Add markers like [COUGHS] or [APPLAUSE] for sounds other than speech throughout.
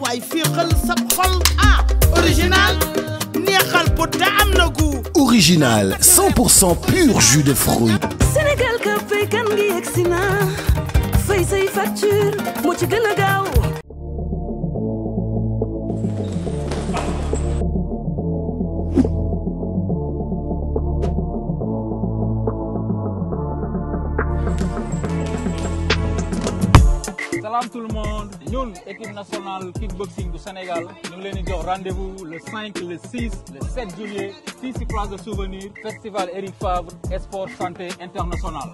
waay féexal sa xol ah original neexal bu te am na gu original 100% pur jus de fruits Sénégal ka fay kan ngi yegsi na fay say facture moo ci gën a gaaw Salam tout le monde ñun équipe nationale kickboxing du Sénégal ñu ngi leen di jox rendez-vous le 5 le 6 le 7 juillet fii ci place de souvenir festival Eric Favre sport santé international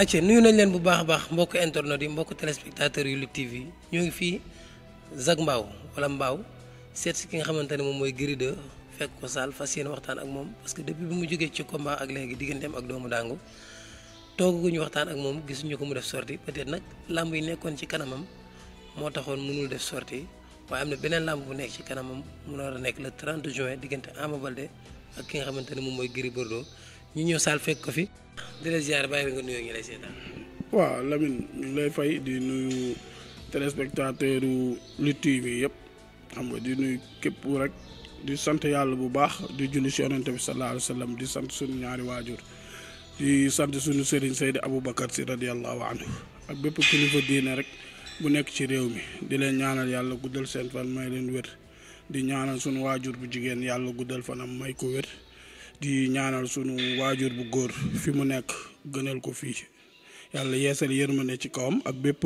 acce nuyu nañ leen bu baax a baax mbokk internet yi mbokk téléspectateurs yu Lutte TV ñoo ngi fii Zac Mbao wala Mbao seet si ki nga xamante ne moom mooy Gris 2 fekk ko saal fas yéene waxtaan ak moom parce que depuis bi mu jógee ci combat ak léegi digganteem ak doomu dàngu toogaguñu waxtaan ak moom gisuñu ko mu def sortie peut-être nag làmb yi nekkoon ci kanamam moo taxoon mënul def sorti waaye am na beneen làmb bu nekk ci kanamam mu war nekk le 30 juin diggante Ama Baldé ak ki nga xamante ne moom mooy Gris Bordeaux ñu ñëw saal fekk ko fi di la bàyyi la nga ñu lay seetaan. waaw Lamine ñu lay fay di nuyu téléspectateur u Lutte TV yëpp xam nga di nuyu képp rek di sant yàlla bu baax di julli si yonent bi sallallahu alayhi wa di sant suñu ñaari waajur di sant suñu sëriñ Seydi Aboubacar si radiyallahu anhu ak bépp kilifa diine rek bu nekk ci réew mi di leen ñaanal yàlla guddal seen fan may leen wér di ñaanal suñu waajur bu jigéen yàlla guddal fanam may ko wér. di ñaanal sunu waajur bu góor fi mu nekk gënal ko fii yàlla yeesal ne ci kawam ak bépp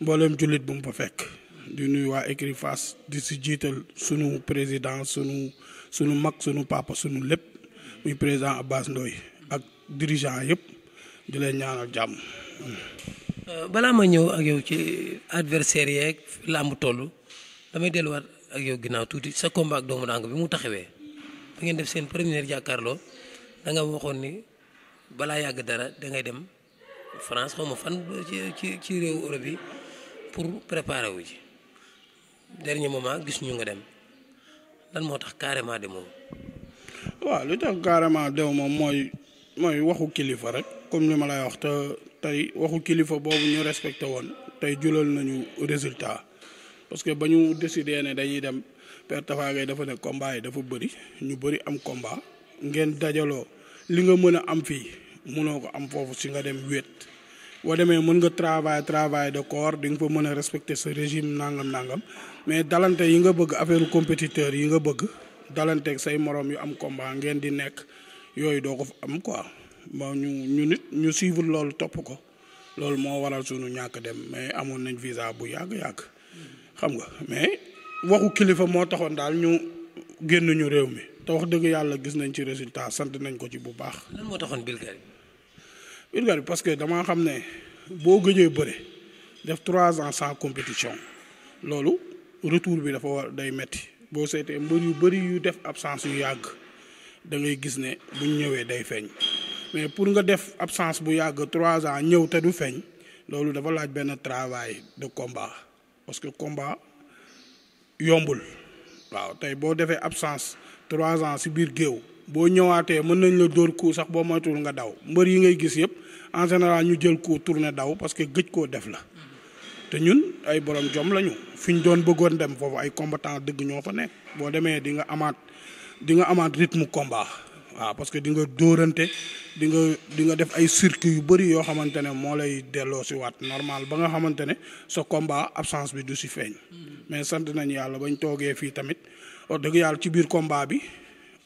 mbooleem jullit bu mu fa fekk di nuyu waa écurie fas di si jiital sunu président sunu sunu mag sunu papa sunu lépp muy président Abbas Ndoye ak dirigeant yëpp di leen ñaanal jàmm. balaa ma ñëw ak yow ci adversaire yeeg làmb toll damay delluwaat ak yow ginnaaw tuuti sa combat ak doomu dàng bi mu taxawee. bi ngeen def seen première jàkkaarloo da nga waxoon ni balaa yàgg dara da ngay dem France xaw fan ci ci réewu Europe yi pour préparer wu ji dernier moment gis ñu nga dem dan moo tax de moom waaw lu tax carrément dew moom mooy mooy waxu kilifa rek comme li ma lay wax tey waxu kilifa boobu ñu respecté woon tey julal nañu résultat parce ba ñu décidé ne dañuy dem Père Tafa Gueye dafa ne combat yi dafa bëri ñu bëri am combat ngeen dajaloo li nga mën a am fii mënoo ko am foofu si nga dem wéet boo demee mën nga travail travail de corps di nga fa mën a respecter sa régime nangam nangam mais dalante yi nga bëgg affaire compétiteurs yi nga bëgg dalanteeg say moroom yu am combat ngeen di nekk yooyu doo ko fa am quoi bon ñu ñu nit ñu suivre loolu topp ko loolu moo waral sunu ñàkk dem mais amoon nañ visa bu yàgg-yàgg xam nga mais waxu kilifa moo taxoon daal ñu génn ñu réew mi te wax dëgg yàlla gis nañ ci résultat sant nañ ko ci bu baax. lan moo taxoon Bulgarie. Bulgarie parce que damaa xam ne boo gëjee bëre def trois ans sans compétition loolu retour bi dafa war day metti boo seetee mbër yu bëri yu def absence yu yàgg da gis ne buñ ñëwee day feeñ mais pour nga def absence bu yàgg trois ans ñëw te du feeñ loolu dafa laaj benn travail de combat parce combat. yombul waaw tey boo defee absence trois ans si biir géew boo ñëwaatee mën nañ la dóor coup sax boo moytuwul nga daw mbër yi ngay gis yëpp en général ñu jël coup tourné daw parce que gëj koo def la te ñun ay borom jom lañu fi ñu doon bëggoon dem foofu ay combattant dëgg ñoo fa nekk boo demee di nga amaat di nga amaat rythme combat waa parce que di nga dóorante di nga di nga def ay circuit yu bëri yoo xamante ne moo lay delloo si waat normal ba nga xamante ne sa combat absence bi du si feeñ. Hmm. mais sant nañ yàlla bañ toogee fii tamit wax oh, dëgg yàlla ci biir combat bi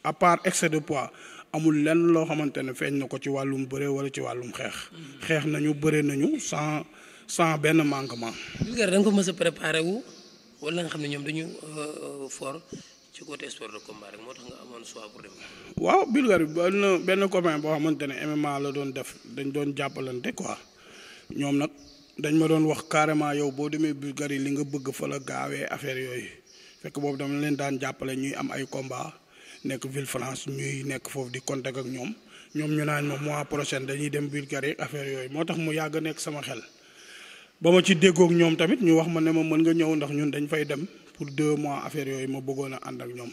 à part excès de pois amul lenn loo xamante ne feeñ na ko ci wàllum bëre wala ci wàllum xeex. Hmm. xeex nañu bëre nañu sans sans benn manquement. Bulgarie da nga ko mës a nga xam ne ñoom dañu euh, fort ci côté sport de combat moo tax nga amoon choix pour dem. waaw Bulgarie benn benn copain boo xamante ne MMA la doon def dañ doon jàppalante quoi ñoom nag dañ ma doon wax carrément yow boo demee Bulgarie li nga bëgg fa la gaawee affaire yooyu fekk boobu dama leen daan jàppale ñuy am ay combat nekk ville France ñuy nekk foofu di contact ak ñoom ñoom ñu naan ma mois prochain dañuy dem Bulgarie affaire yooyu moo tax mu yàgg nekk sama xel ba ma ci déggoog ñoom tamit ñu wax ma ne ma mën nga ñëw ndax ñun dañ fay dem. pour deux mois affaire yooyu ma bëggoon a ànd ak ñoom.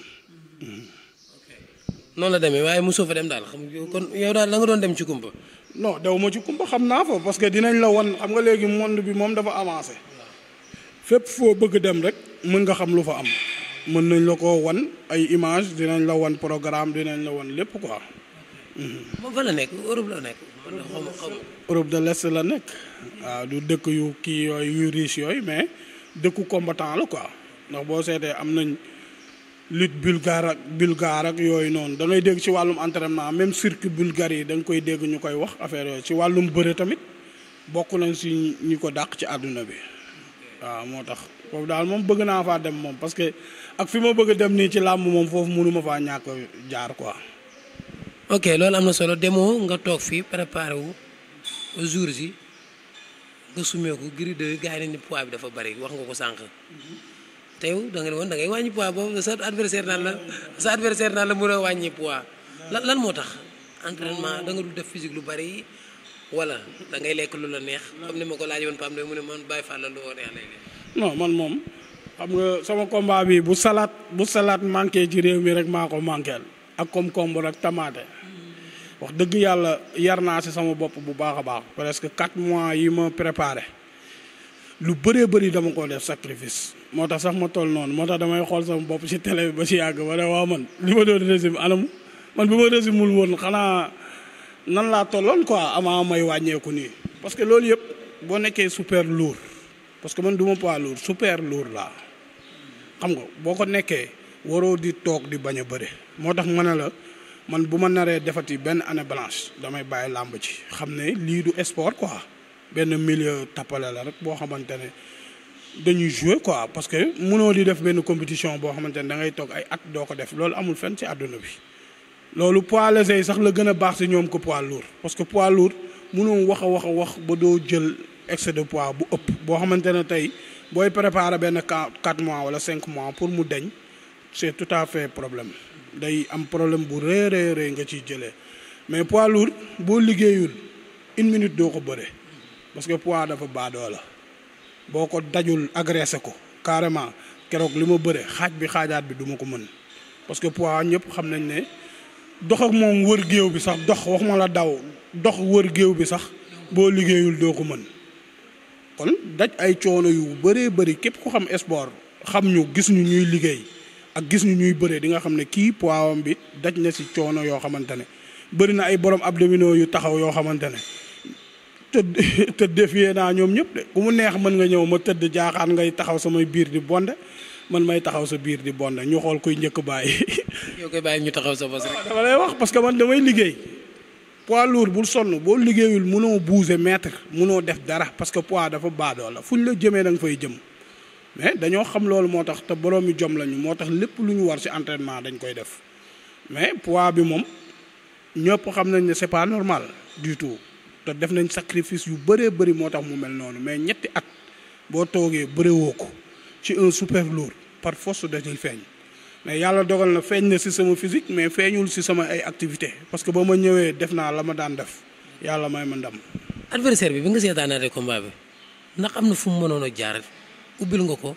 noonu la demee waaye mosoo fa dem daal xam kon yow daal danga doon dem ci kumpa. non daw ma ci kumpa xam naa fa parce que dinañ la won xam nga léegi monde bi moom dafa avancé. fépp foo bëgg dem rek mën nga xam lu fa am. mën nañ la ko wan ay image dinañ la won programme dinañ la wan lépp quoi. moom fa la Europe la nekk. de l'Est la nekk. waaw du dëkk yu kii yooyu yu riche yooyu mais dëkku combattant la quoi. ndax boo seetee am nañ lutte bulgare ak bulgare ak yooyu noonu da dégg ci wàllum entraînement même circuit bulgare yi da nga koy dégg ñu koy wax affaire yooyu ci wàllum bëre tamit bokk nañ si ñi ko dàq ci àdduna bi waaw moo tax foofu daal moom bëgg naa faa dem moom parce que ak fi ma bëgg dem nii ci làmb moom foofu mënu ma faa ñàkk jaar quoi. ok loolu am na solo demoo nga toog fii préparé wu jour yi nga sumee ko gris de gars yi ne poids bi dafa bari wax ko sànq. Mhm. tey yow da nga woon da ngay wàññi poids boobu sa adversaire naan la sa adversaire la mën a wàññi poids lan lan moo tax entraînement da nga dul def physique lu bari wala da ngay lekk lu la neex comme ma ko laaj woon Pam de ne man bàyyi fàlla lu woo man moom xam nga sama combat bi bu salaat bu salaat manqué ci réew mi rek maa ko manqueel ak concombre ak tamaate wax dëgg yàlla yar naa si sama bopp bu baax a baax presque quatre mois yi ma préparé lu bëree bëri dama ko def sacrifice moo tax sax ma toll noonu moo tax damay xool sama bopp si télé bi ba si yàgg ba waa man li ma doon régime anam man bi ma régimul woon xanaa nan laa tolloon quoi avant may wàññeeku nii. parce que loolu yëpp boo nekkee super lourd parce que man du ma poids lourd super laa xam nga boo ko nekkee waroo di toog di bañ a bëre. moo tax ma ne la man bu ma naree defat defati benn année blanche damay bàyyi làmb ci xam ne lii du sport quoi benn milieu tappale la rek boo xamante ne. dañuy joue quoi parce que mënoo di def benn compétition boo xamante ne da ngay toog ay at doo ko def loolu amul fen ci àdduna bi loolu poids léger yi sax la gën a baax ci ñoom ko poids lourd parce que poids lourd munoo wax a wax a wax ba doo jël excès de pois bu ëpp boo xamante ne tey booy préparer benn quatre mois wala cinq mois pour mu deñ c'est tout à fait problème day am problème bu rëy rëy nga ciy jëlee mais poids lourd boo liggéeyul une minute doo ko bëre parce que poids dafa baadoo la boo ko dajul agressé ko carrément keroog li ma bëre xaaj bi xaajaat bi duma ko mën parce que poids ñëpp xam nañ ne dox ak moom wër géew bi sax dox wax ma la daw dox wër géew bi sax boo liggéeyul doo ko mën kon daj ay coono yu bëree bëri képp ku xam sport xam ñu gis ñu ñuy liggéey ak gis ñu ñuy bëree di nga xam ne kii poids am bi daj na ci coono yoo xamante ne bëri na ay borom abdominaux yu taxaw yoo xamante ne tëdd [LAUGHS] tëdd defiyee naa ñoom ñëpp de ku mu neex mën nga ñëw ma tëdd jaaxaan ngay taxaw samay biir di bonde man may taxaw sa biir di bonde ñu xool kuy njëkk bàyyi. ñoo [LAUGHS] koy bàyyi ñu taxaw sa bos rek. dama lay wax parce que man damay liggéey pois lourd bul sonn boo liggéeyul mënoo bouger mètre mënoo def dara parce que poids dafa baadoo la fu ñu la jëmee da nga fay jëm mais dañoo xam loolu moo tax te boroomi jom lañu moo tax lépp lu ñu war ci entraînement dañ koy def mais poids bi moom ñëpp xam nañ ne c'est pas normal du te def nañ sacrifice yu bëree bëri moo tax mu mel noonu mais ñetti at boo toogee bëriwoo ko ci un super lourd su def dañuy feeñ mais yàlla dogal na feeñ na si sama physique mais feeñul si sama ay activité parce que ba ma ñëwee def naa la ma daan def yàlla may ma ndam. adversaire bi bi nga seetaanaatee combat bi ndax am na fu mu mënoon a jaar ubbil nga ko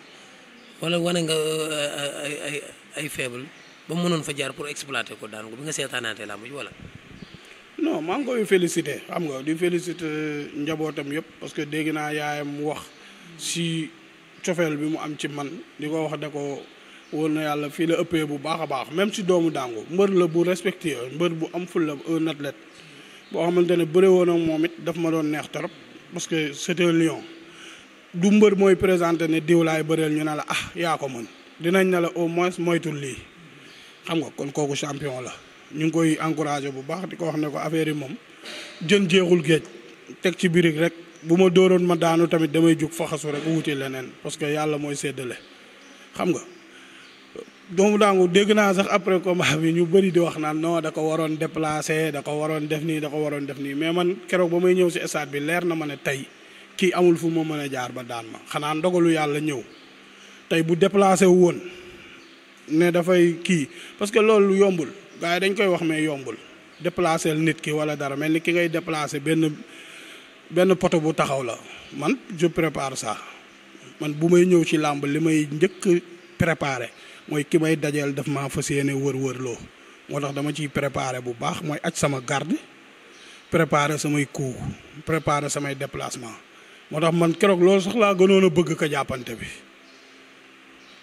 wala wane nga euh, ay ay ay faible ba mënoon fa jaar pour exploiter ko daan ko bi nga seetaanaatee laa mujj wala. non maa ngi koy félicité xam nga di félicité njabootam yëpp parce que dégg naa yaayam wax si cofeel bi mu am ci man di ko wax ne ko wóor na yàlla fii la ëppee bu baax a baax même si doomu dàngu mbër la bu respecté mbër bu am fulla un athlète boo xamante ne bëre woon moom it dafa ma doon neex trop parce que c'est un lion du mbër mooy présenté ne diw laay bëreel ñu ne la ah yaa ko mën dinañ ne la au moins moytul lii xam nga kon kooku champion la ñu ngi koy encouragé bu baax di ko wax ne ko affaire yi moom jën jeexul géej teg ci birig rek bu ma dooroon ma daanu tamit damay jug faxasu rek wuti leneen parce que yàlla mooy séddale xam nga doomu daangu dégg naa sax après combat bi ñu bëri di wax naan da ko waroon déplacé da waroon def nii da ko waroon def nii mais man keroog ba may ñëw si stade bi leer na ma ne tey kii amul fu ma mën a jaar ba daan ma xanaa ndogalu yàlla ñëw tey bu déplacé wu woon ne dafay kii parce que loolu yombul gars yi dañ koy wax mais yombul déplacer nit ki wala dara mel ni ki ngay déplacer benn benn poto bu taxaw la man je prépare ça man bu may ñëw ci làmb li may njëkk prépare mooy ki may dajeel daf maa fas yéene wër-wër loo moo tax dama ciy préparer bu baax mooy aj sama garde préparer samay coup préparer samay déplacement moo tax man keroog loolu soxlaa laa bëgg ko jàppante bi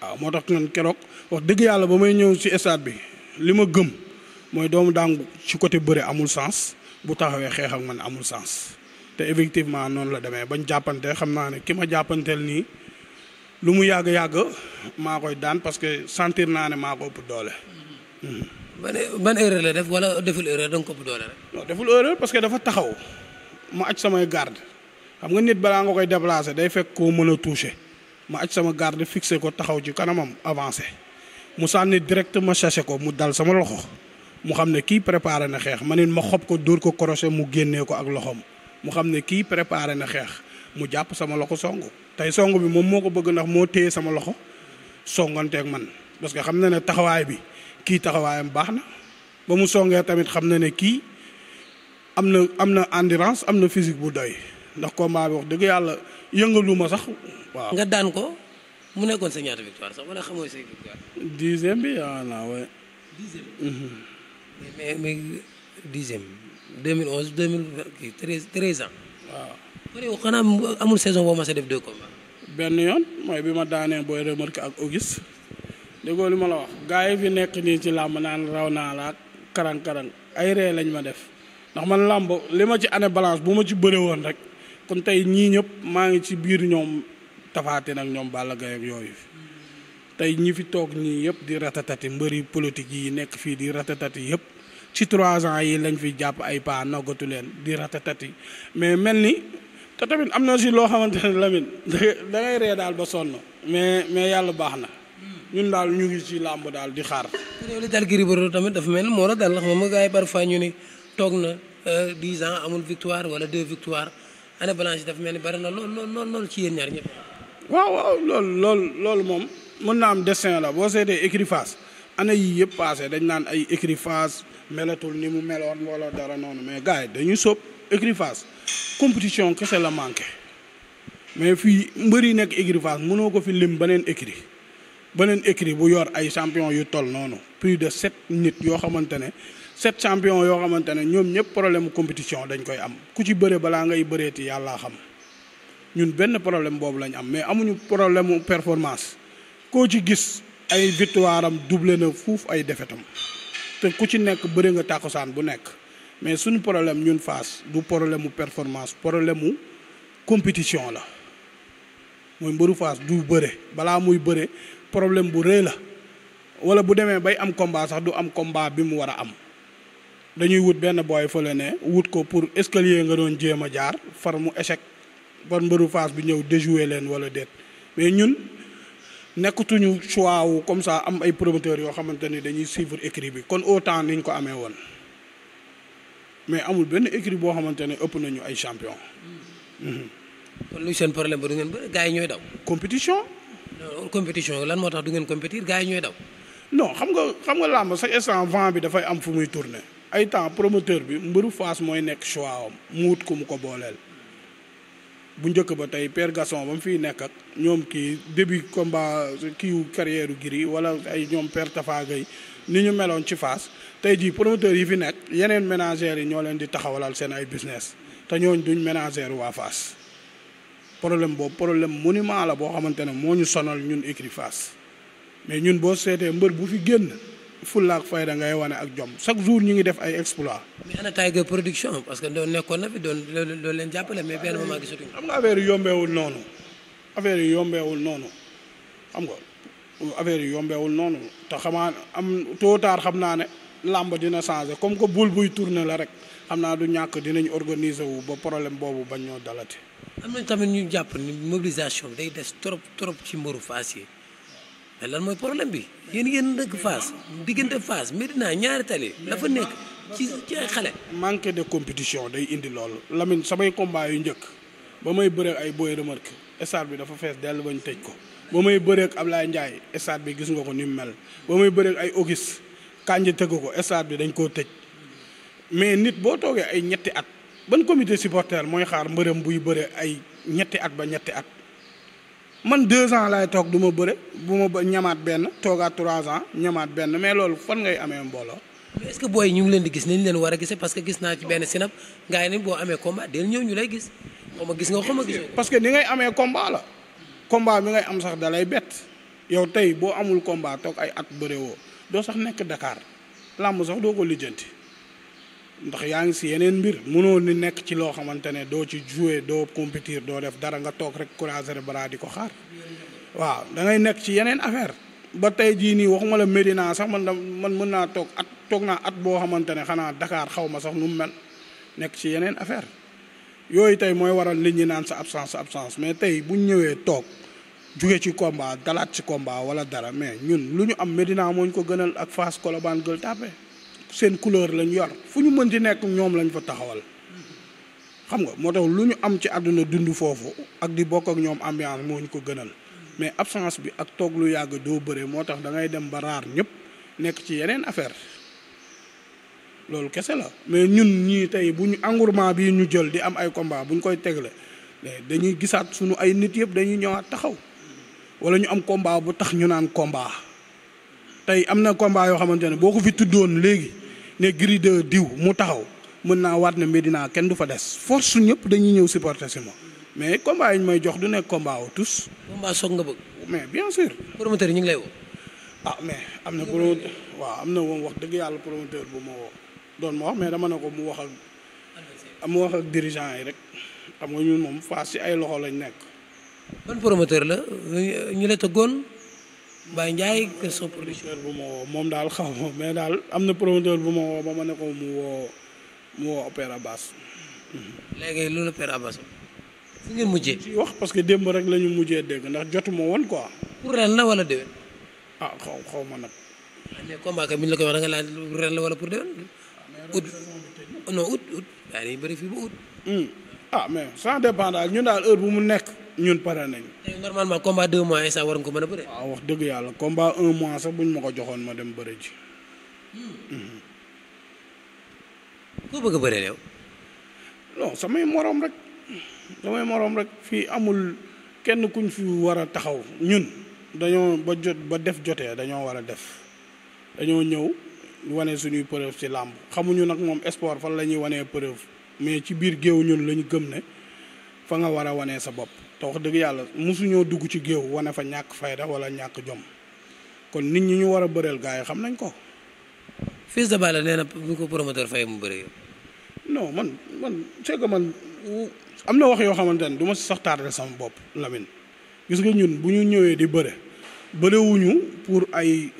waaw moo tax man keroog wax dëgg yàlla ba may ñëw ci stade bi li ma gëm mooy doomu Dangu ci côté bëre amul sens bu taxawee xeex ak ne amul sens te effectivement noonu la demee bañ jàppante xam naa ne ki ma jàppanteel nii lu mu yàgg yàgg maa koy daan parce que sentir naa ne maa ko ëpp doole. ban ban erreur la def wala deful erreur da nga ko ëpp doole rek. deful erreur parce que dafa taxaw ma aj samay garde xam nga nit balaa nga koy déplacer day fekk koo mën a toucher ma aj sama garde fixé ko taxaw ci kanamam avancé. mu sànni ma sachet ko mu dal sama loxo mu xam ne kii préparé na xeex ma nit ma xob ko dóor ko crochet mu génnee ko ak loxoom mu xam ne kii préparé na xeex mu jàpp sama loxo song tey songu bi moom moo ko bëgg ndax moo téye sama loxo ak man parce que xam na ne taxawaay bi kii taxawaayam baax na ba mu songee tamit xam na ne kii am na am na endurance am na physique bu doy ndax combat bi wax dëgg yàlla yëngalu ma sax waaw. nga daan ko. mu nekkoon sa ñaata victoire sax wala xamoo say victoire. dixième bi yaa naa waaye. dixième. Mhm. mais mais dixième 2011 2013 13 ans. waaw. bëri na xanaa amul saison boo ma sa def deux combats. benn yoon mooy bi ma daanee booy remarqué ak Auguste. déggoo li ma la wax gars yi fi nekk nii ci làmb naan raw naa laa ak karang karang ay ree lañ ma def ndax man làmb li ma ci année balance bu ma ci bëre woon rek kon tey ñii ñëpp maa ngi ci biir ñoom. tafaatin ak ñoom Balla Gaye yooyu tey ñi fi toog ñii yëpp di ratatati mbëri politique yi nekk fii di ratatati yëpp ci trois ans yi lañ fi jàpp ay paa noggatu leen di ratatati mais mel ni te tamit am na si loo xamante ne Lamine da ree daal ba sonn mais mais yàlla baax na ñun daal ñu ngi ci làmb daal di xaar. li dal Gris tamit dafa mel moo la dal xam nga gars bar parfois ñu ni toog na euh, dix ans amul victoire wala deux victoire année blanche dafa mel ni bari na lool lool lool lool ñaar ñëpp. waaw waaw loolu loolu moom mën naa am destin la boo seetee écurie Fass année yii yëpp passé dañ naan ay écurie Fass ni mu meloon wala dara noonu mais gars yi dañuy sóob écurie Fass compétition kese la manqué mais fii mbër yi nekk écurie Fass mënoo ko fi lim beneen écri beneen écurie bu yor ay champion yu toll noonu plus de sept nit yoo xamante ne sept champion yoo xamante ne ñoom ñëpp problème compétition dañ koy am ku ci bëre balaa ngay bëreeti yàllaa xam ñun benn problème boobu lañ am mais amuñu problème mu performance koo ci gis ay victoire am duble na fuuf ay défaitam te ku ci nekk bëri nga tàkkusaan bu nekk mais suñu problème ñun Fass du problème mu performance problème mu compétition la mooy mbëru Fass du bëre balaa muy bëre problème bu rëy la wala bu demee bay am combat sax du am combat bi mu war a am dañuy wut benn booy fële ne wut ko pour escalier nga doon jéem a jaar far mu échec ban mbëru Fass bi ñëw déjouer leen wala déet mais ñun nekkatuñu choix wu comme ça am ay promoteurs yoo xamante ni dañuy suivre écrit bi kon autant niñ ko amee woon mais amul benn écrit boo xamante ne ëpp nañu ay champion. Mm-hmm. kon luy seen problème ba du ngeen bëri gars yi ñooy daw. compétition. non compétition lan moo tax du ngeen compétir gars yi ñooy daw. non xam nga xam nga ma sax instant vent bi dafay am fu muy tourner ay temps promoteur bi mbëru Fass mooy nekk choix am mu wut ku mu ko booleel. bu njëkk ba tey Père Gasson ba mu fiy nekk ak ñoom kii début combat kiiwu carrière Gris wala ay ñoom Père Tafa Gueye ni ñu meloon ci Fass tey jii promoteurs yi fi nekk yeneen ménagères yi ñoo leen di taxawalal seen ay business te ñooñ duñ ménagère waa Fass problème boobu problème monument la boo xamante ne moo ñu sonal ñun écurie fas mais ñun boo seetee mbër bu fi génn fullaak fayda ngay wane ak jom chaque jour ñu ngi def ay exploit mais ana Tiger production parce que doon nekkoon na fi doon doon leen jàppale mais benn moment gisatuñ xam nga affaire yi yombeewul noonu affaire yombeewul noonu xam nga affaire yi noonu te xamaa am tôt xam naa ne làmb dina changé comme que bul buy tourner la rek xam naa du ñàkk dinañ organiser wu ba problème boobu bañ ñoo dalati. am na tamit ñu jàpp ni mobilisation day des trop trop ci mbaru Fass yi lan mooy problème bi yéen yéen dëkk Fass diggante Fass Médina ñaari tali dafa nekk ci ci ay xale. manque de compétition day indi loolu Lamine samay combat yu njëkk ba may bëre ay boy remarque stade bi dafa fees dell bañ tëj ko ba may bëre ak Ablaye Ndiaye stade bi gis nga ko ni mu mel ba may bëre ay ogis kànja tëgg ko stade bi dañ koo tëj mais nit boo toogee ay ñetti at ban comité supporter mooy xaar mbërëm buy bëre ay ñetti at ba ñetti at. man deux ans laay toog du ma bëre bu ma ba ñamaat benn toogaat trois ans ñamaat benn mais loolu fan ngay amee mbooloo. mais que booy ñu ngi leen di gis nañ leen war a gisee parce que gis naa ci benn sinap gars yi boo amee combat del ñëw ñu lay gis xaw ma gis nga xaw ma gis parce que ni ngay amee combat la combat bi ngay am sax dalay bett yow tey boo amul combat toog ay at bëre woo doo sax nekk Dakar làmb sax doo ko lijjanti. ndax yaa ngi si yeneen mbir mënoo ni nekk ci loo xamante ne doo ci jouer doo compétir doo def dara nga toog rek croiser bras di ko xaar waaw da ngay nekk ci yeneen affaire ba tey jii nii waxuma la Médina sax man man mën naa toog at toog naa at boo xamante ne xanaa dakaar xaw ma sax nu mu mel nekk ci yeneen affaire yooyu tey mooy waral nit ñi naan sa absence absence mais tey bu ñu ñëwee toog juge ci combat dalaat ci combat wala dara mais ñun lu ñu am Médina moo ñu ko gënal ak Fass Colobane Gueule seen couleur lañ yor fu ñu mën di nekk ñoom lañu fa taxawal xam nga moo tax lu ñu am ci àdduna dund foofu ak di bokk ak ñoom ambiance moo ñu ko gënal mais absence bi ak toog lu yàgg doo bëre moo tax da ngay dem ba raar ñëpp nekk ci yeneen affaire loolu kese la mais ñun ñii tey bu ñu engouement bii ñu jël di am ay combat bu ñu koy tegle dañuy gisaat suñu ay nit yëpp dañuy ñëwaat taxaw wala ñu am combat bu tax ñu naan combat tey am na combat yoo xamante ne boo ko fi tuddoon léegi ne Gris 2 diw mu taxaw mën naa waat ne Médina kenn du fa des force ñëpp dañuy ñëw supporter si mais combat yi ñu may jox du nekk combat wu tous. combat soog nga bëgg. mais bien sûr. promoteur ñu ngi lay woo. Ah, mais am na promoteur waaw am na moom wax dëgg yàlla promoteur bu ma doon ma wax mais dama ne ko mu wax ak mu wax ak dirigeant yi rek xam nga ñun moom face ci ay loxo lañ nekk. ban promoteur la ñu la tëggoon Baye Ndiaye Gaston production bu ma woo moom daal xaw ma mais daal am na promoteur bu ma woo ba ma ne ko mu woo mu woo Opéra Bass. léegi loolu Opéra Bass. fi ngeen mujjee. ci wax parce que démb rek la ñu mujjee dégg ndax jotuma woon quoi. pour ren na wala déwén. ah xaw xaw ma nag. Ah, mais combat bi ñu la ko wax da nga laaj ren la wala pour déwén. ut ah, non ut ut. daa dañuy bëri fii ba ut. Hmm. ah mais ça dépend daal ñun daal heure bu mu nekk. ñun pare nañ. normalement combat deux mois sax war ko mën a bëre. waaw ah, wax dëgg yàlla combat un mois sax buñ ma ko joxoon ma dem bëre ji. Hmm. koo bëgg a bëree yow. non samay moroom rek samay moroom rek fii amul kenn kuñ fi war a taxaw ñun dañoo ba jot ba def jotee dañoo war a def dañoo ñëw wane suñuy preuve ci làmb xamuñu nag moom sport fan la ñuy wanee preuve mais ci biir géew ñun lañu gëm ne fa nga war a wanee sa bopp. te dëgg yàlla mosuñoo dugg ci géew wane fa ñàkk fayda wala ñàkk jom kon nit ñi ñu war a bëreel gars yi xam nañ ko. Fils de Balla nee na bu ko promoteur fay mu bëree yow. non man man c'est man am na wax yoo xamante ne du ma si sax tardé sama bopp lamin gis nga ñun bu ñu ñëwee di bëre bëriwuñu pour ay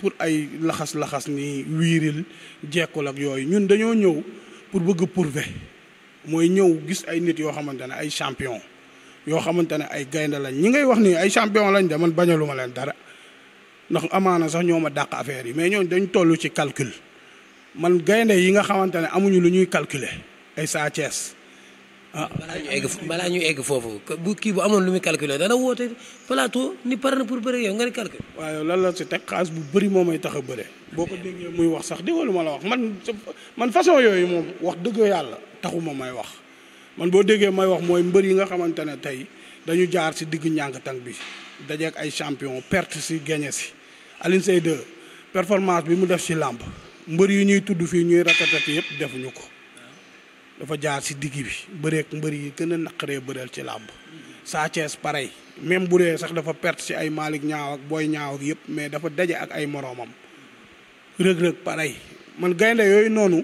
pour ay laxas-laxas ni wiiril jekkul ak yooyu ñun dañoo ñëw pour bëgg pourve mooy ñëw gis ay nit yoo xamante ne ay champion yoo xamante ne ay gaynde lañ ñi ngay wax nii ay champion lañ de man bañalu ma leen dara ndax amaana sax ñoo ma dàq affaire yi mais ñooñu dañu tollu ci calcul man gaynde yi nga xamante ne amuñu lu ñuy calculer ay Sa Thiès ah balaa ñu egg balaa egg foofu bu kii bu amoon lu muy calculer dana woote plateau ni pare na pour bëre yow nga ni calcul. waaye lan la si teg xaalis bu bëri moom ay tax a bëre. boo ko déggee muy wax sax déggoo lu ma la wax man man façon yooyu moom wax dëgg yàlla taxuma may wax. man boo déggee may wax mooy mbër yi nga xamante ne tey dañu jaar si diggu ñàngatang bi dajeek ay champion perte si gagné si Alioune de 2 performance bi mu def si làmb mbër yi ñuy tudd fii ñuy ratatati yëpp defuñu ko dafa jaar si digg bi bëreek mbër yi gën a naqaree bëreel ci làmb Sa Thiès pareil même bu dee sax dafa perte si ay Malick ñaaw booy Boy ñaaw yëpp mais dafa daje ak ay moroomam Reug Reug pareil man gaynde yooyu noonu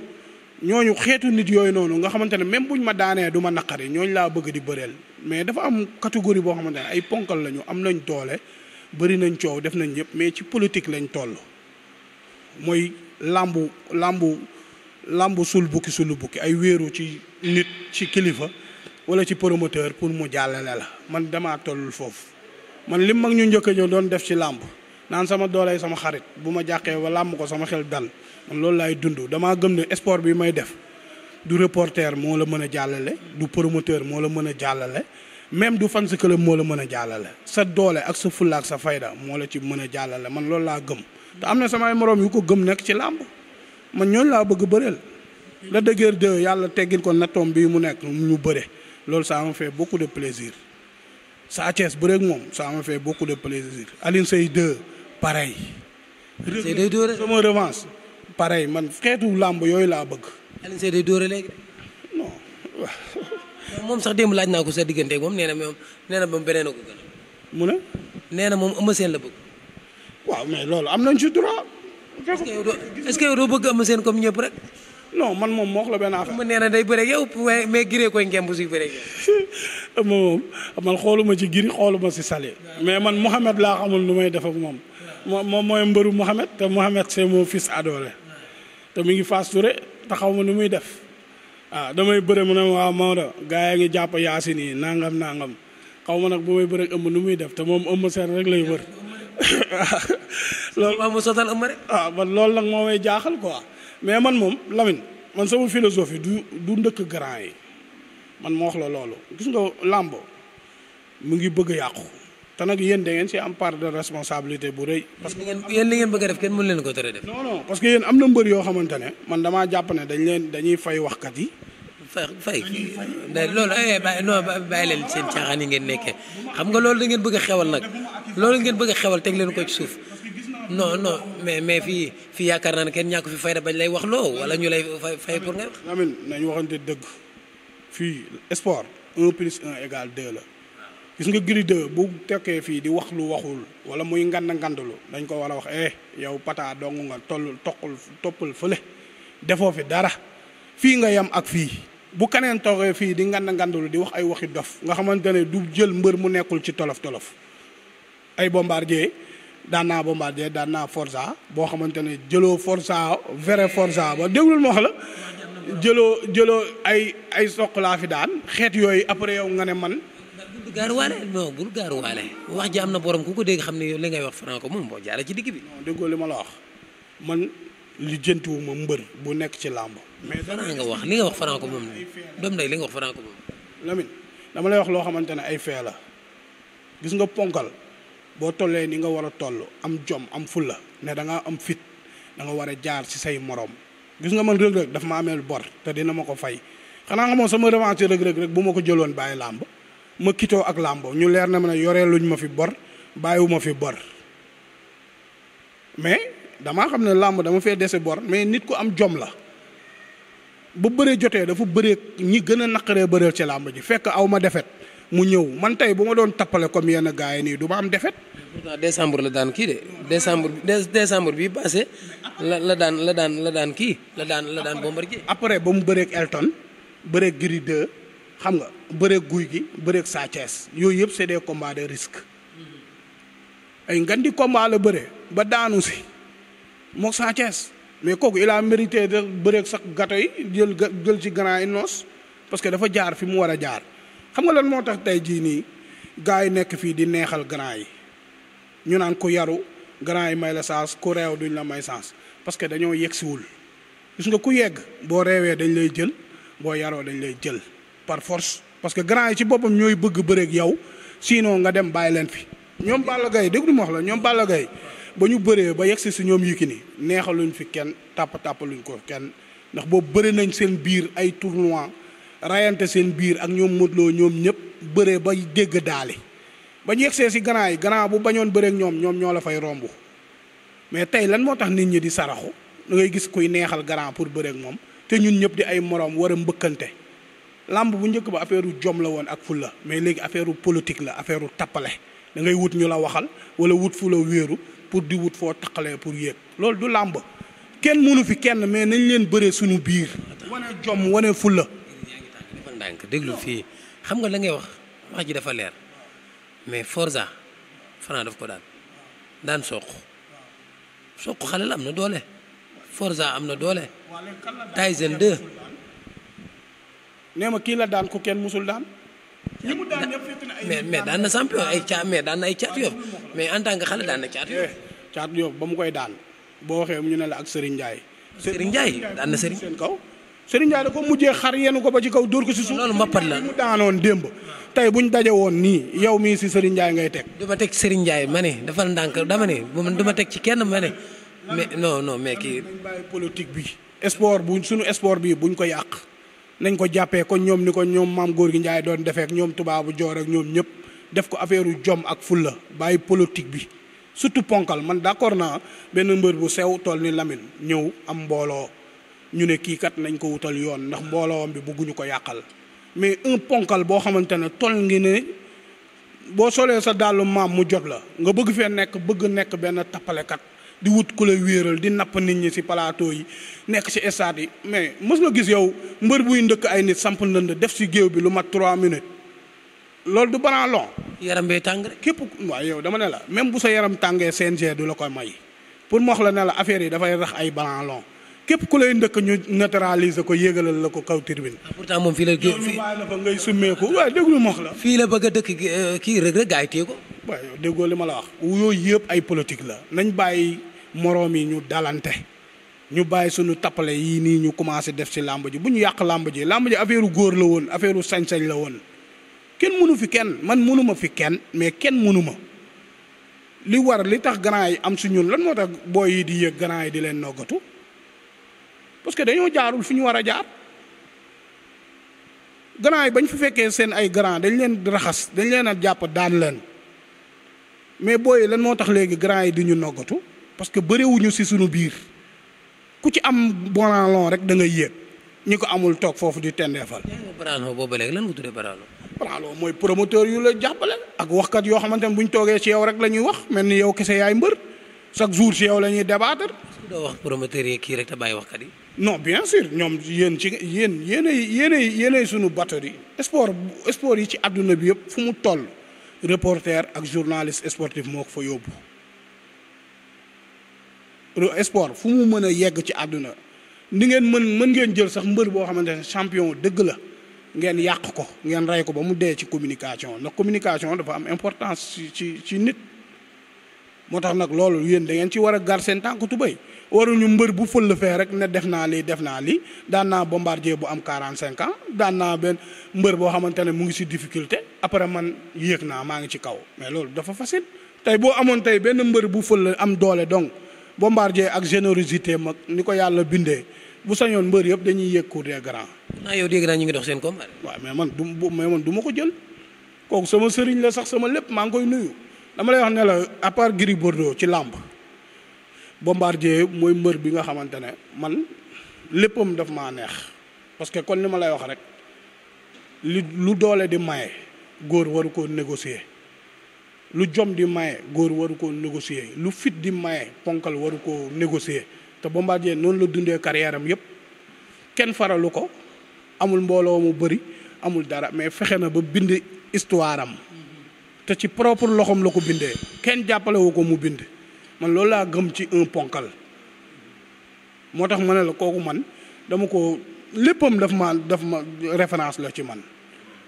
ñooñu xeetu nit yooyu noonu nga xamante ne même buñ ma daanee du ma naqari ñooñu laa bëgg di bëreel mais dafa am catégorie boo xamante ne ay ponkal lañu am nañ doole bari nañ coow def nañ yëpp mais ci politique lañ toll mooy làmbu làmbu làmbu sul bukki sulu bukki ay wéeru ci nit ci kilifa wala ci promoteur pour mu jàllale la man damaa tollul foofu man lim mag ñu njëkk a ñëw doon def ci làmb naan sama doole sama xarit bu ma jàqee ba làmb ko sama xel dal man loolu laay dund damaa gëm ne sport bi may def du reporter moo la mën a jàllale du promoteur moo la mën a jàllale même du fan sa club moo la mën a jàllale sa doole ak sa fulla sa fayda moo la ci mën a jàllale man loolu laa gëm te am na samay moroom yu ko gëm nekk ci làmb man ñooñu laa bëgg bëreel la dëgër de yàlla teggil ko nattoom bi mu nekk ñu bëre loolu ça m'a fait beaucoup de plaisir Sa Thiès bëreeg moom ça m'a fait beaucoup de plaisir Alioune Seye 2 pareil man xeetu làmb yooyu laa bëgg. Alioune Seye day moom sax démb laaj naa ko sa diggante moom nee na moom nee moom beneen a ko gën nee na moom Eumeu la bëgg. waaw mais loolu am nañ ci droit. est-ce yow doo bëgg Eumeu Sène comme ñëpp rek. non man moom moo la benn affaire. mu nee na day bëre yow mais giree koy ngemb suy bëre yow. [LAUGHS] moom man xooluma ci giri sale. mais man Mouhamed laa xamul nu may def ak moom. moom mooy mbëru Mouhamed te Mouhamed c'est mon fils adoré. te mi ngi Fass Touré te xaw ma nu muy def waaw ah, damay bëre mu ne waaw Maodo gars yaa ngi jàpp Yaasin yi nàngam nàngam xaw ma nag bu may bëre ëmb nu muy def te moom ëmb seen rek lay wër [LAUGHS] loolu mu sotal ëmb rek ah, man loolu nag moo may jaaxal quoi mais man moom Lamine man sama philosophie du du ndëkk grand yi man moo wax la loolu gis nga làmb mu ngi bëgg a yàqu te nag yéen da ngeen si am part de responsabilité bu rëy. parce que yéen li ngeen bëgg a def kenn mënu leen ko tere def. parce que yéen am na mbër yoo xamante ne man damaa jàpp ne leen dañuy fay waxkat yi. fay fay loolu ay eh, bàyyi non bàyyi leen seen caaxaan yi ngeen nekkee xam nga loolu da ngeen bëgg a xewal nag loolu ngeen bëgg xewal teg leen ko ci suuf. non non mais mais fii fii yaakaar naa ne kenn ñàkk fi fayda bañ lay wax loo wala ñu lay fay fay pour nga. amiin nañu waxante dëgg fii sport un plus un égal la. gis nga Gris bu tekkee fii di wax lu waxul wala muy ngand ngandalu dañ ko war a wax eh yow pata dong nga toll toqul toppal fële defoo fi dara fii nga yem ak fii bu keneen toogee fii di ngand ngandalu di wax ay waxi dof nga xamante ne du jël mbër mu nekkul ci tolof tolof ay bombardier daan naa bombardier daan naa forza boo xamante ne jëloo forza vrai forza ba déglul ma la jëloo jëloo ay ay soq laa fi daan xeet yooyu après yow nga ne man gaaruwaale non bul gaaruwaale wax ji am na borom ku ko dégg xam ne li ngay wax franco moom boo jaaree ci digg bi. non déggoo li ma la wax man li jëntuwu mbër bu nekk ci làmb. mais dara nga wax li nga wax franco moom doom day li nga wax dama lay wax loo xamante ne ay fee la gis nga ponkal boo tollee ni nga war a toll am jom am fulla ne da nga am fit danga nga war a jaar ci say morom gis nga man rëg-rëg daf ma ameel bor te dina ma ko fay xanaa nga moom sama revanche rëg-rëg rek bu ma ko jëloon bàyyi làmb ma kitoo ak làmbo ñu leer na ma ne yoree luñ ma fi bor ma fi bor mais damaa xam ne làmb dama fee dese bor mais nit ku am jom la bu bëree jotee dafa bëree ñi gën a naqaree bëreel ci làmb ji fekk aw ma defet mu ñëw man tey bu ma doon tappale comme yenn gars yi nii du ma am defet pourtant décembre la daan kii de décembre décembre bi passé la la daan la daan la daan kii la daan la daan bombardier après ba mu bëreeg Elton bëreeg Gris 2 xam nga bëreeg guy gi bëreeg Sa yooyu yëpp c'est des combats de risque ay ngan di combat la bëre ba daanu si moo Sa mais kooku il a mérité de sax gato yi jël jël ci grand yi noos parce que dafa jaar fi mu war a jaar xam nga lan moo tax tey jii nii gars yi nekk fii di neexal grand yi ñu naan ku yaru grand yi may la saas ku réew duñ la may saas parce que dañoo yegsiwul gis nga ku yegg boo reewee dañ lay jël boo yaroo dañ lay jël par force parce que grand yi ci boppam ñooy bëgg bëreeg yow sinon nga dem bàyyi leen fi. ñoom Balla Gaye dégg ma wax la ñoom Balla Gaye ba ñu bëree ba yegsi si ñoom Yékini neexaluñ fi kenn tàpp tàppaluñ ko kenn ndax boobu bëri nañ seen biir ay tournoi rayante seen biir ak ñoom Modou ñoom ñëpp bëree ba dégg daali ba ñu yegsee si grand yi grand bu bañoon bëreeg ñoom ñoom ñoo la fay romb mais tey lan moo tax nit ñi di saraxu da ngay gis kuy neexal grand pour bëreeg moom te ñun ñëpp di ay moroom war mbëkkante làmb bu njëkk ba affaire jom la woon ak fulla mais léegi affaire politique la affaire tappale da ngay wut ñu la waxal wala wut fu wéeru pour di wut foo taqalee pour yéeg loolu du làmb kenn mënu fi kenn mais nañ leen bëree suñu biir. wane jom wane ndànk déglu fii xam nga dangay wax wax ji dafa leer mais Forza Franc daf ko daan daan soq soq xale la am na doole Forza am na doole Tyson 2 nee ma kii la daan ku kenn mosul daan. mais daan na champion ay caa mais daan na mais en tant que xale daan na caat yof. caatu yof eh, ba mu koy daan boo waxee ñu ne la ak Serigne Ndiaye. Serigne Ndiaye daan na Serigne kaw. Serigne Ndiaye da ko mujjee xar yenu ko ba ci kaw dóor ko si suuf. loolu mbappat la mu daanoon démb. tey bu ñu daje woon nii yow mii si Serigne Ndiaye ngay teg. du ma teg Serigne Ndiaye ma ne dafa ndànk dama ne du ma teg ci kenn ma ne. mais no non mais kii. bàyyi bi sport bu suñu sport bi buñ ko yàq nañ ko jàppee ko ñoom ni ko ñoom maam góor gi Njaay doon defee ñoom tubaabu joor ak ñoom ñëpp def ko affaire u jom ak fulla bàyyi politique bi surtout ponkal man d'accord naa benn mbër bu sew tool ni Lamine ñëw am mbooloo ñu ne kii kat nañ ko wutal yoon ndax mbooloowam bi bëgguñu ko yàqal mais un ponkal boo xamante ne tool ngi ne boo solee sa dàllu maam mu jot la nga bëgg fee nekk bëgg nekk benn tappalekat di wut ku la wéeral di napp nit ñi si plateau yi nekk si stade yi mais mës nga gis yow mbër buy ndëkk ay nit samp ndënd def si géew bi lu mat 3 minutes loolu du banaa long. yaram bee tàng rek képp waaw yow dama ne la même bu sa yaram tàngee CNG du la ko may pour mu la ne la affaire yi dafay rax ay banaa long ku lay ndëkk ñu neutraliser ko yéegalal la ko kaw tribune. Ah, pourtant moom fii la. yow fa ngay summeeku waaw déglu ma la. fii la bëgg a dëkk euh, kii rek rek gaa ko. waaw déggoo li ma la wax. yooyu yëpp ay politique la nañ bàyyi moroom yi ñu dalante ñu bàyyi suñu tappale yii nii ñu commencé def si làmb ji bu ñu yàq làmb ji làmb ji góor la woon affaire sañ la woon kenn mënu fi kenn man mënuma fi kenn mais kenn mënuma li war li tax grand yi am si ñun lan moo tax booy yi di yëg grand yi di leen noggatu parce que dañoo jaarul fu ñu war a jaar grand yi bañ fi fekkee seen ay grand dañ leen raxas dañ leen a jàpp daan leen mais booy yi lan moo tax léegi grand yi di ñu noggatu parce que bëriwuñu si suñu biir ku ci am bonalon rek da ngay yéeg ñi ko amul toog foofu di tendeefal. Branlo boobu léegi lan nga tuddee Branlo. Branlo mooy promoteur yu la jàppale ak waxkat yoo xamante ne bu ñu toogee ci yow rek la ñuy wax mel ni yow kese yaay mbër chaque jour ci yow la ñuy débattre. doo wax promoteur yi kii rek bàyyi waxkat yi. non bien sûr ñoom yéen ci yéen yéenay yéenay yéenay sunu batterie sport sport yi ci àdduna bi yëpp fu mu toll reporter ak journaliste sportif moo ko fa yóbbu. sport fu mu mën a yegg ci àdduna ni ngeen mën mën ngeen jël sax mbër boo xamante ne champion dëgg la ngeen yàq ko ngeen rey ko ba mu dee ci communication ndax communication dafa am importance ci ci ci nit moo tax nag loolu yéen da ngeen ci war a gar seen tànk tubéy waruñu mbër bu fël fee rek ne def naa lii def naa lii daan naa bombardier bu am 45 cinq daan naa benn mbër boo xamante ne mu ngi si difficulté après man yéeg naa maa ngi ci kaw mais loolu dafa facile tey boo amoon tey benn mbër bu fël am doole donc Bombardier ak générosité mag ni ko yàlla bindee bu sañoon mbër yëpp dañuy yéeg cour des grands. naa yow dégg naa ñu ngi dox seen combat. waaw mais man du mais man du ma ko jël kooku sama sëriñ la sax sama lépp maa ngi koy nuyu dama lay wax ne la à part Gris Bordeaux ci làmb Bombardier mooy mbër bi nga xamante ne man léppam daf maa neex parce que kon li ma lay wax rek li lu doole di maye góor waru ko négocier. lu jom di maye góor waru ko négocier lu fit di maye ponkal waru koo négocier te Bombardier noonu la dundee carrière am yëpp kenn faralu ko amul mbooloo mu bëri amul dara mais fexe na ba bind histoire am te ci propre loxoom la ko bindee kenn jàppalewu ko mu bind man loolu laa gëm ci un ponkal moo tax ma ne la kooku man dama ko léppam daf ma daf ma référence la ci man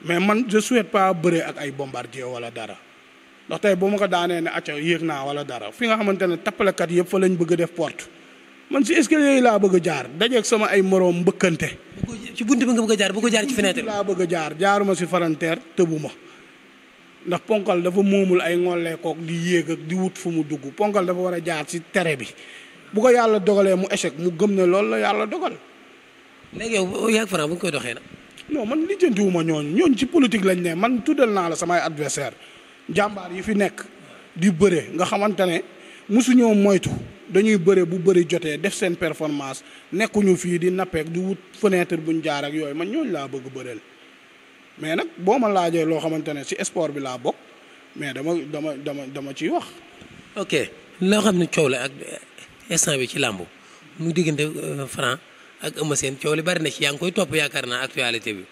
mais man je souhaite pas bëree ak ay bombardier wala dara ndax tey bu ma ko daanee ne acca yéeg naa wala dara fi nga xamante ne tappalekat yëpp fa lañ bëgg def porte man si escalier yi laa bëgg a jaar dajeeg sama ay moroom mbëkkante. ci bunt bi nga bëgg jaar bu ko jaar ci fenêtre laa bëgg a jaar jaaruma si faranteer tëbu ma ndax ponkal dafa moomul ay ngolleekook di yéeg ak di wut fu mu dugg ponkal dafa war a jaar si tere bi bu ko yàlla dogalee mu échec mu gëm ne loolu la yàlla dogal. léegi yow yaa Franc bu ñu koy doxee nag. non man lijjantiwuma ñooñu ñooñu ci politique lañ ne man tuddal naa la samay adversaire jàmbaar yi fi nekk di bëre nga xamante ne mosuñoo moytu dañuy bëre bu bëri jotee def seen performance nekkuñu fii di nappeek di wut fenêtre buñ jaar ak yooyu ma ñooñu laa bëgg bëreel mais nag boo ma laajee loo xamante ne ci sport bi laa bokk mais dama dama dama dama ciy wax. ok loo xam ne coow la ak instant bi ci làmb mu diggante euh, Franc ak Eumeu Sène coow li bari na ci yaa ngi koy topp yaakaar naa actualité bi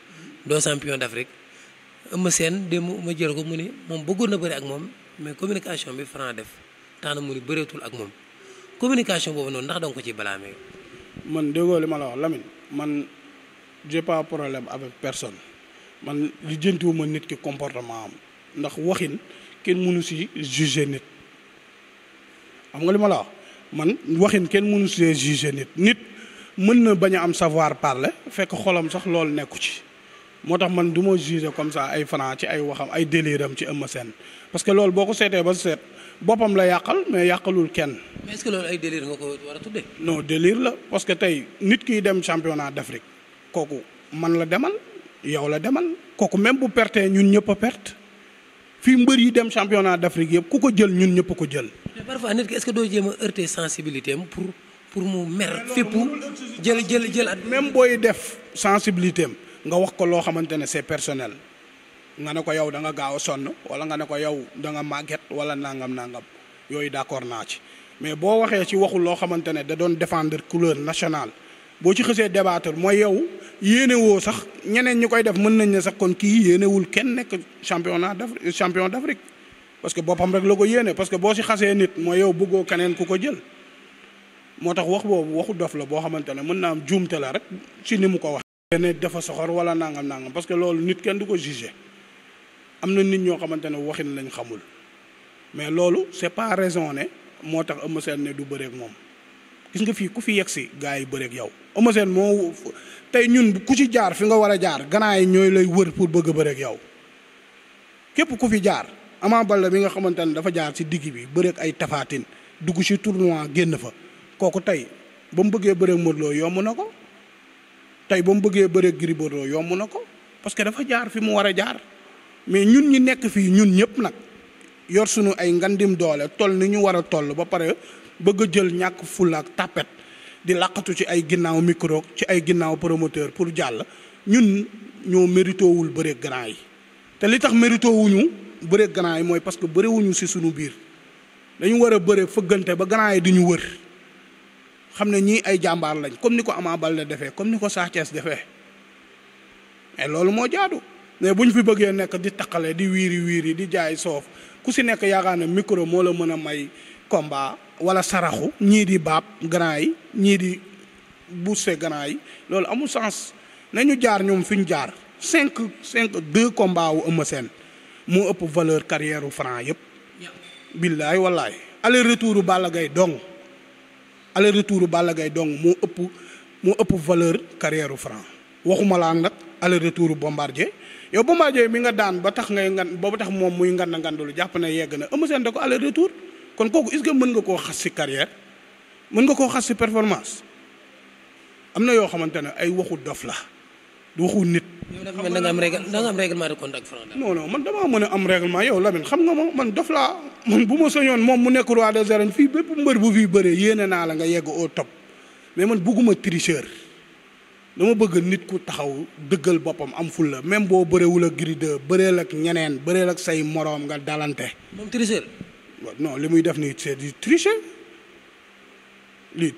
doo champion d'Afrique. Eumeu seen démb ma jël ko mu ne moom bëggoon na bëri ak moom mais communication bi Franc def tax mu ni bëreetul ak moom communication boobu noonu ndax danga ko ci balaamee. man déggoo li ma la wax Lamine man j'ai pas problème avec personne man li jëntuwuma nit ki comportement am ndax waxin kenn mënu si juger nit xam nga li ma la wax man waxin kenn mënu si juger nit nit mën na bañ am savoir parler fekk xolam sax loolu nekku ci. moo tax man du ma jugé comme ça ay franc ci ay waxam ay déliram ci Eumeu Sène parce que loolu boo ko seetee ba seet boppam la yàqal mais yàqalul kenn. mais est-ce que nga ko war non délire la parce que tey nit kiy dem championnat d'Afrique kooku man la demal yow la demal kooku même bu perte ñun ñëpp a perte fii mbër yi dem championnat d'Afrique yëpp ku ko jël ñun ñëpp a ko jël. mais parfois nit ki est doo jéem a heurter sensibilité am pour pour mu mer fépp jël jël jël at. même booy def sensibilité am nga wax ko loo xamante ne c'est personnel nga ne ko yow da nga gaaw a sonn wala nga ne ko yow danga nga màgget wala nangam nangam yooyu d'accord naa ci mais boo waxee ci waxul loo xamante ne da doon défendre couleur nationale boo ci xësee débattre mooy yow yéenewoo sax ñeneen ñi koy def mën nañ ne sax kon kii yéenewul kenn nekk championnat d'Afrique champion d'Afrique parce que boppam rek la ko yéene parce que boo si xasee nit moo yow bëggoo keneen ku ko jël moo tax wax boobu waxu dof la boo xamante ne mën naa am juumte la ci ni mu ko wax ne dafa soxor wala nàngam nangam parce que loolu nit kenn du ko jugé am na nit ñoo xamante ne waxin lañ xamul mais loolu c'est pas raison ne moo tax Eumeu Sène ne du bëreeg moom gis nga fii ku fi yegg si gars yi bëreek yow Eumeu Sène moo tey ñun ku ci jaar fi nga war a jaar ganaar yi ñooy lay wër pour bëgg bëreek bëreeg yow képp ku fi jaar Ama Baldé bi nga xamante ne dafa jaar ci digg bi bëreeg ay tafaatin dugg ci tournoi génn fa kooku tey ba mu bëggee bëreeg Modou yomb na ko. tey ba mu bëggee bëre Gris Bordeaux yomb na ko parce que dafa jaar fi mu war a jaar mais ñun ñi nekk fii ñun ñëpp nag yor suñu ay ngandim doole toll ni ñu war a toll ba pare bëgg a jël ñàkk fulla ak tapet di laqatu ci ay ginnaaw micro ci ay ginnaaw promoteur pour jàll ñun ñoo méritoowul bëre grand yi te li tax méritoowuñu bëre grand yi mooy parce que bëre wuñu si suñu biir dañu war a bëre fëggante ba grand yi di ñu wër xam ne ñii ay jàmbaar lañ comme ni ko Ama Baldé defee comme ni ko Sa defee mais loolu moo jaadu mais bu ñu fi bëggee nekk di taqale di wiiri wiiri di jaay soof ku si nekk yaakaar ne micro moo la mën a may combat wala saraxu ñii di baab grand yi ñii di bourse grand yi loolu amul sens nañu jaar ñoom fi ñu jaar cinq cinq deux combat wu Eumeu Sène moo ëpp valeur carrière u franc yëpp billaay wallaay aller retour u Balla Gaye dong aller retour Balla gay donc moo ëpp mu ëpp valeur carrière u Franc waxuma laa nag aller retour Bombardier yow Bombardier mi nga daan ba tax ngay ngan boobu tax moom muy ngan ngandalu jàpp na yegg na Eumeu Sène da ko aller retour kon kooku est-ce mën nga koo xas ci carrière mën nga koo xas ci performance am na yoo xamante ne ay waxu dof la du waxu nit. xam nga da nga am man damaa mën a am règlement yow Lamine xam nga ma man dof laa man bu ma soñoon moom mu nekku roi des arènes fii bépp mbër bu naa la nga yegg au top mais man bugguma tricheur dama bëgg nit ku taxaw dëggal boppam am ful la même boo bëreewul ak Gris 2 ak ñeneen bëreel ak say moroom nga dalante. moom tricheur. li muy def nii c'est du tricher lii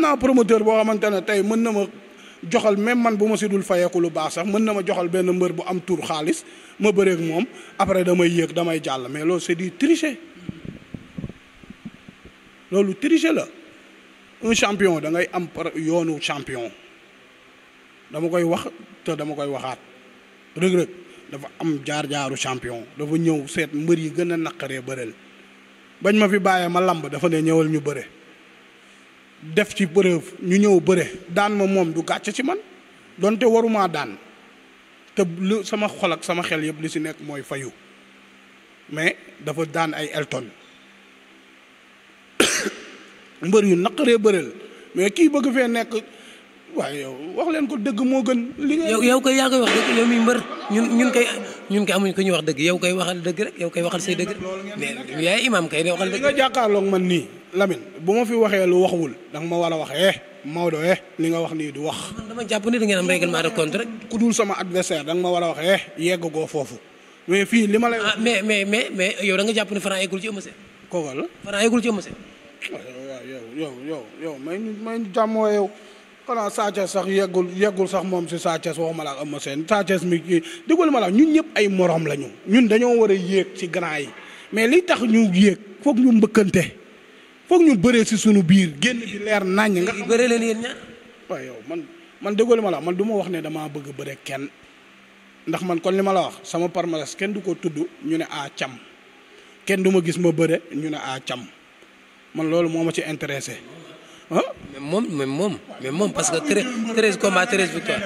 naa promoteur boo xamante ne tey mën na ma. joxal même man bu ma si dul fayeeku lu baax sax mën na ma joxal benn mbër bu am tur xaalis ma bëreeg moom après damay yéeg damay jàll mais loolu c'est du tricher loolu tricher la un champion da ngay am par yoonu champion dama koy wax te dama koy waxaat rëg-rëg dafa am jaar-jaaru champion dafa ñëw seet mbër yi gën a naqaree bëreel bañ ma fi bàyyee ma lamb dafa ne ñëwal ñu bëre def ci preuve ñu ñëw bëre daan ma moom du gàcce ci man donte warumaa daan te lu sama xol sama xel yëpp li si nekk mooy fayu mais dafa daan ay Elton [COUGHS] mbër yu naqaree bëreel mais kii bëgg fee nekk waaye yow wax leen ko dëgg moo gën. li nga yaa koy wax dëgg yow mi kay ñun kay amuñ ko ñuy wax dëgg yow kay waxal dëgg rek yow kay waxal say dëgg mais yaay imaam kay waxal dëgg. li nga ma war a wax eh Maodo eh li nga wax nii du wax. dama jàpp ni da ngeen am règlement de compte rek. ku dul sama adversaire da nga ma war a wax eh yeggagoo foofu mais fii li ma lay. ah mais mais mais mais yow da nga jàpp ni Franc eggul ci Eumeu Sène. kooku la Franc eggul ci Eumeu Sène. yow yow yow yow may jàmmoo yow xanaa Sa Thiès sax yeggul yeggul sax moom si Sa Thiès waxuma la ak Eumeu Sène Sa Thiès mi déggul ma la ñun ñëpp ay morom lañu ñun dañoo war a yéeg ci grand yi mais li tax ñu yéeg foog ñu mbëkkante foog ñu bëree si sunu biir génn bi leer naññ. nga xam bëre leen yéen ñaar. yow man man déggul ma la man du ma wax ne damaa bëgg bëre kenn ndax man kon li ma la wax sama palmarès kenn du ko tudd ñu ne a cam kenn du ma gis ma bëre ñu ne a cam man loolu moo ma ci intéressé. ah. mais moom mais moom mais moom parce que treize treize combats treize victoire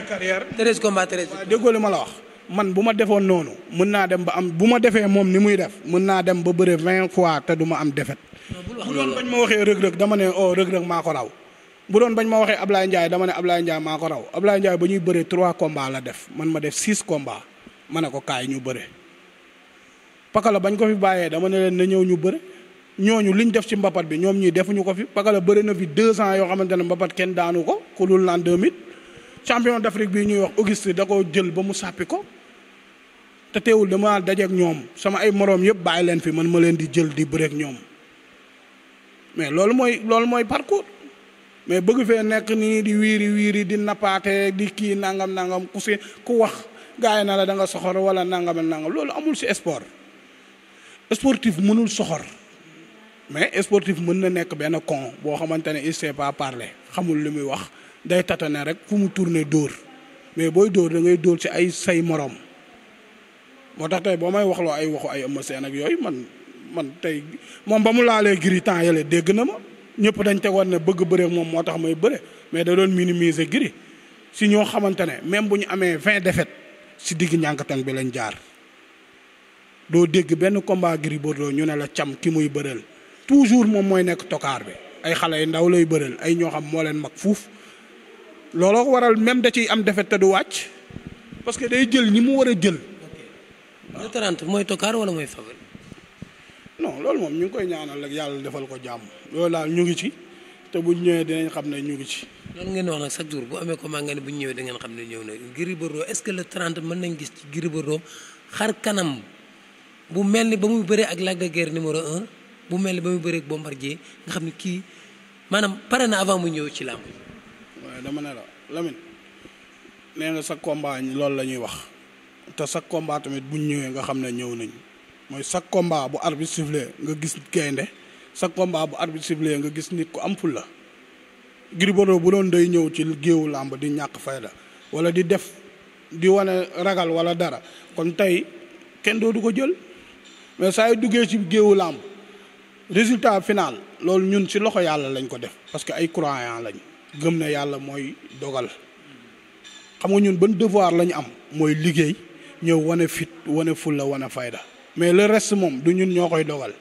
treize combats déggoo li ma la wax man bu ma defoon noonu mën naa dem ba am bu ma defee moom ni muy def mën naa dem ba bëre vingt fois te du ma am défaite. bu doon bañ ma waxee rëg-rëg dama ne oh rëg-rëg maa ko raw. bu doon bañ ma waxee Ablaye Ndiaye dama ne Ablaye Ndiaye maa ko raw Ablaye Ndiaye ba ñuy bëree trois combats la def man ma def six komba ma ne ko kaay ñu bëre. Pakala bañ ko fi bàyyee dama ne leen na ñëw ñu bëre. ñooñu li ñu def ci mbapat bi ñoom ñii defuñu ko fi Pakala bëri na fi deux ans yoo xamante ne mbapat kenn daanu ko ku dul naan 2000 champion d'Afrique bii ñuy wax Auguste da koo jël ba mu sàppi ko te teewul dama dajeek ñoom sama ay moroom yëpp bàyyi leen fi man ma leen di jël di bëreek ñoom mais loolu mooy loolu mooy parcours mais bëgg fee nekk nii di wiiri wiiri di nappaate di kii nangam nangam ku si ku wax gars yi na la da nga soxor wala nangam nangam loolu amul si sport sportif mënul soxor. mais sportif mën na nekk benn con boo xamante ne il sait pas parler xamul li muy wax day tâtonner rek fu mu tourner dóor mais booy dóor da ngay dóor si ay say moroom moo tax tey boo may waxloo ay waxu ay ëmm seen ak yooyu man man tey moom ba mu laalee giri temps yële dégg na ma ñëpp dañ tegoon ne bëgg bëre moom moo tax may bëre mais da doon minimiser giri si ñoo xamante ne même bu ñu amee vingt défaites si digg ñànkatan bi lañ jaar doo dégg benn combat Gris Bordeaux ñu ne la cam ki muy bëreel toujours moom mooy nekk tokaar bi ay xale yu ndaw lay bëreel ay ñoo xam moo leen mag fuuf looloo waral même da ciy am defet te du wàcc parce que day jël ñi mu war a jël. ok le 30 mooy tokaar wala mooy favori. loolu moom ñu ngi koy ñaanal ak yàlla defal ko jàmm loolu daal ñu ngi ci te bu ñëwee dinañ xam ne ñu ngi ci. loolu ngeen wax nag chaque jour bu amee comment nga ne bu ñëwee da ngeen xam ne ñëw na Gris Bordeaux est-ce que le 30 mën nañ gis ci Gris Bordeaux xar kanam bu mel ni ba muy bëree ak Lac de Guiers numéro bu mel ne ba mu bëreeg Bombardier nga xam ne kii maanaam pare na avant mu ñëw ci làmb waaw dama ne la Lamine nee nga sa combat loolu la ñuy wax te sa combat tamit buñ ñëwee nga xam ne ñëw nañ mooy sa combat bu arbitre sifflé nga gis gaynde sa combat bu arbitre sifflé nga gis nit ku am ful la Gris Bordeaux bu doon day ñëw ci géewu làmb di ñàkk fayda wala di def di wane ragal wala dara kon tey kenn du ko jël mais saa duggee ci géewu làmb résultat final loolu ñun ci loxo yàlla lañ ko def parce que ay croyants lañ gëm na yàlla mooy dogal xam nga ñun ban devoir lañu am mooy liggéey ñëw wane fit wane fulla wane fayda mais le rest moom du ñun ñoo koy dogal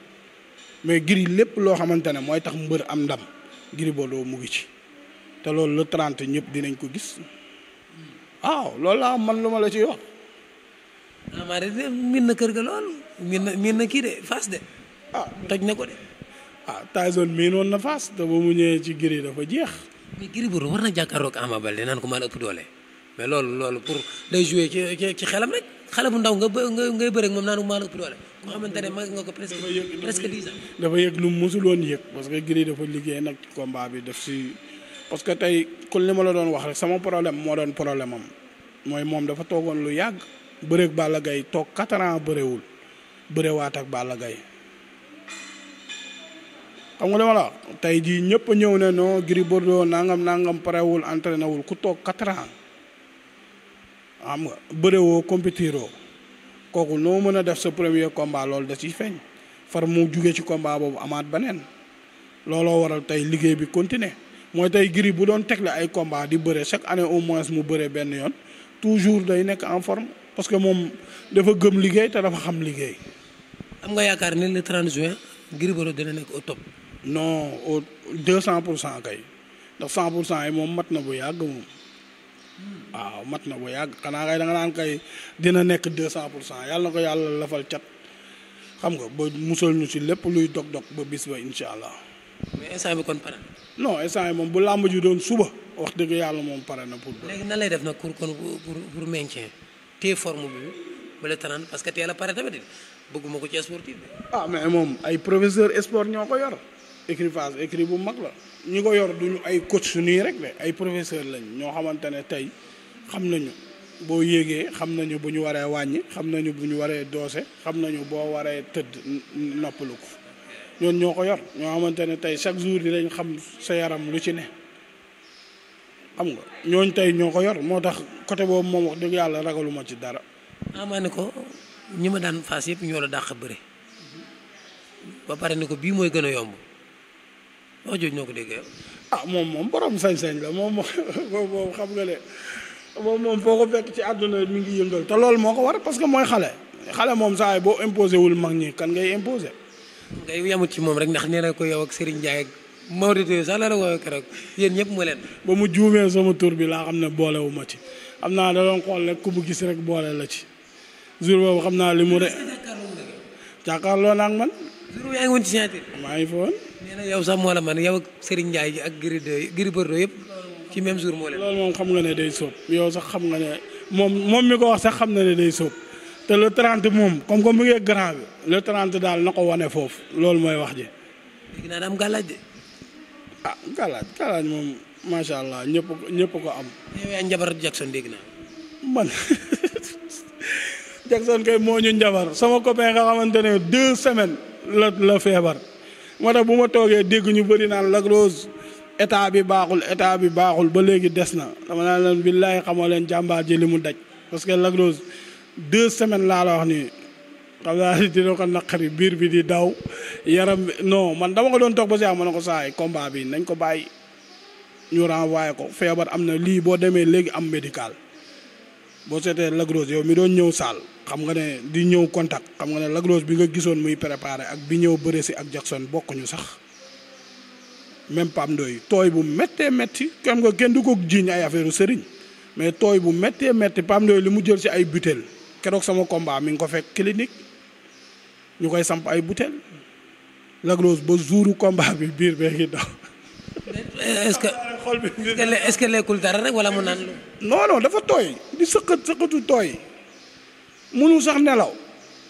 mais Gris lépp loo xamante ne mooy tax mbër am ndam Gris Bordeaux mu ci te loolu le trent ñëpp dinañ ko gis waaw loolu laa man lu ma la ciy wax. ah na kër ga lool min na kii de Fass de. ah daj na ko de ah Tyson mii noonu na faas te ba mu ñëwee ci Gris dafa jeex. mais Gris Bordeaux war na jàkkaarloog Ama Baldé naan ko maa la ëpp doole mais lool loolu pour day jouer ci xelam rek xale bu ndaw nga nga ngay bëre ak moom naan maa la ëpp doole. koo xamante ne mag nga ko presque presque dafa yëg lu mu mosul woon yëg parce que Gris dafa liggéey nag combat bi def si parce que tey kon li ma la doon wax rek sama problème moo doon problème mooy moom dafa toogoon lu yàgg bëreeg Balla Gaye toog quatre ans bërewul bërewaat ak Balla Gaye xam nga dama la tey jii ñëpp ñëw ne noo Gris Bordeaux nangam nangam parewul entraîné wul ku toog quatre ans xam nga bërewoo compétiroo kooku noo mën a def sa premier combat loolu da ciy feeñ far mu jugee ci combat boobu amaat beneen looloo waral tey liggéey bi continuer mooy tey Gris bu doon tegle ay combat di bëre chaque année au moins mu bëre benn yoon toujours day nekk en forme parce que moom dafa gëm liggéey te dafa xam liggéey. am nga yaakaar ne le 30 juin Gris Bordeaux dina nekk au top. non au deux cent pour cent kay ndax cent pour cent yi moom mat na bu yàgg moom waaw mat na bu yàgg xanaa kay da nga kay dina nekk deux cent pour cent yàlla ko yàlla lafal cat xam nga ba musal ñu si lépp luy dog-dog ba bis ba incha allah. mais instant bi kon pare non moom bu làmb ji doon suba wax dëgg yàlla moom pare na pour. léegi nan lay def na pour kon pour pour maintien te forme bi ba le tanaan parce que teel a pare tamit bëgguma ko ci sportif bi. ah mais moom ay professeur sport ñoo ko yor. écurie Fass écurie bu mag la ñi ko yor duñu ay coach nii rek de ay professeur lañ ñoo xamante ne tey xam nañu boo yéegee xam nañu bu ñu waree wàññi xam nañu bu ñu waree doose xam nañu boo waree tëdd noppalu ko ñoon ñoo ko yor ñoo xamante ne tey chaque jour di lañ xam sa yaram lu ci ne xam nga ñooñ tey ñoo ko yor moo tax côté boobu moom wax dëgg yàlla ragaluma ci dara. amaa ah, ne ko ñi ma daan Fass yëpp ñoo la dàq bëre ba pare ne ko bii mooy gën a yomb. wax jooju noo ko déggee ah moom moom borom sañ-sañ la moom [LAUGHS] moom moom xam nga ne moom moom foo ko fekk ci àdduna mi ngi yëngal te lool moo ko war parce que mooy xale xale moom saa yi boo imposé wul mag ñi kan ngay imposé. ngay yamut ci moom rek ndax nee na ko yow ak Serigne Ndiaye ak Maodo Touré sax la la woowee keroog yéen ñëpp mu leen. ba mu juumee sama tur bi laa xam ne boolewu ma ci xam naa da doon xool rek ku mu gis rek boole la ci jour boobu xam naa li mu. re man. maa ngi na yow sax moo la man yow ak Serigne Ndiaye ji ak Gris Gris Bordeaux yëpp ci même jour moo leen. loolu moom xam nga ne day sóob yow sax xam nga ne moom mi ko wax sax xam na ne day sóob te le 30 moom comme comme mu ngi grand bi le 30 daal na ko wane foofu loolu mooy wax ji. léegi naa am galaaj de. ah galaaj galaaj moom macha allah ñëpp ñëpp ko am. [LAUGHS] moo ñu njabar sama copain nga xamante deux semaines la la feebar. moo tax bu ma toogee dégg ñu bëri naan Lac état bi baaxul état bi baaxul ba léegi des na dama naan leen billaay xamoo leen jàmbaar ji li mu daj parce que Lac Rose deux semaines laa la wax nii xam naa dina ko naqari biir bi di daw yaram no man dama ko doon toog ba si ma na ko yi combat bii nañ ko bàyyi ñu renvoyé ko feebar am na lii boo demee léegi am médical boo seetee Lac Rose yow mi doon ñëw saal xam nga ne di ñëw contact xam nga ne Lac bi nga gisoon muy préparé ak bi ñëw bëre si ak Jackson bokkuñu sax même Pape Ndoye tooy bu méttee métti xam nga kenn du ko jiiñ ay affaire sëriñ mais tooy bu méttee métti Pape Ndoye li mu jël si ay butéel keroog sama combat mi ngi ko fekk clinique ñu koy samp ay butéel Lac ba jouru combat bi biir bee ngi daw. xol bi. est-ce dara rek wala mu naan lu. non dafa tooy di sëqat sëqatu tooy munu sax nelaw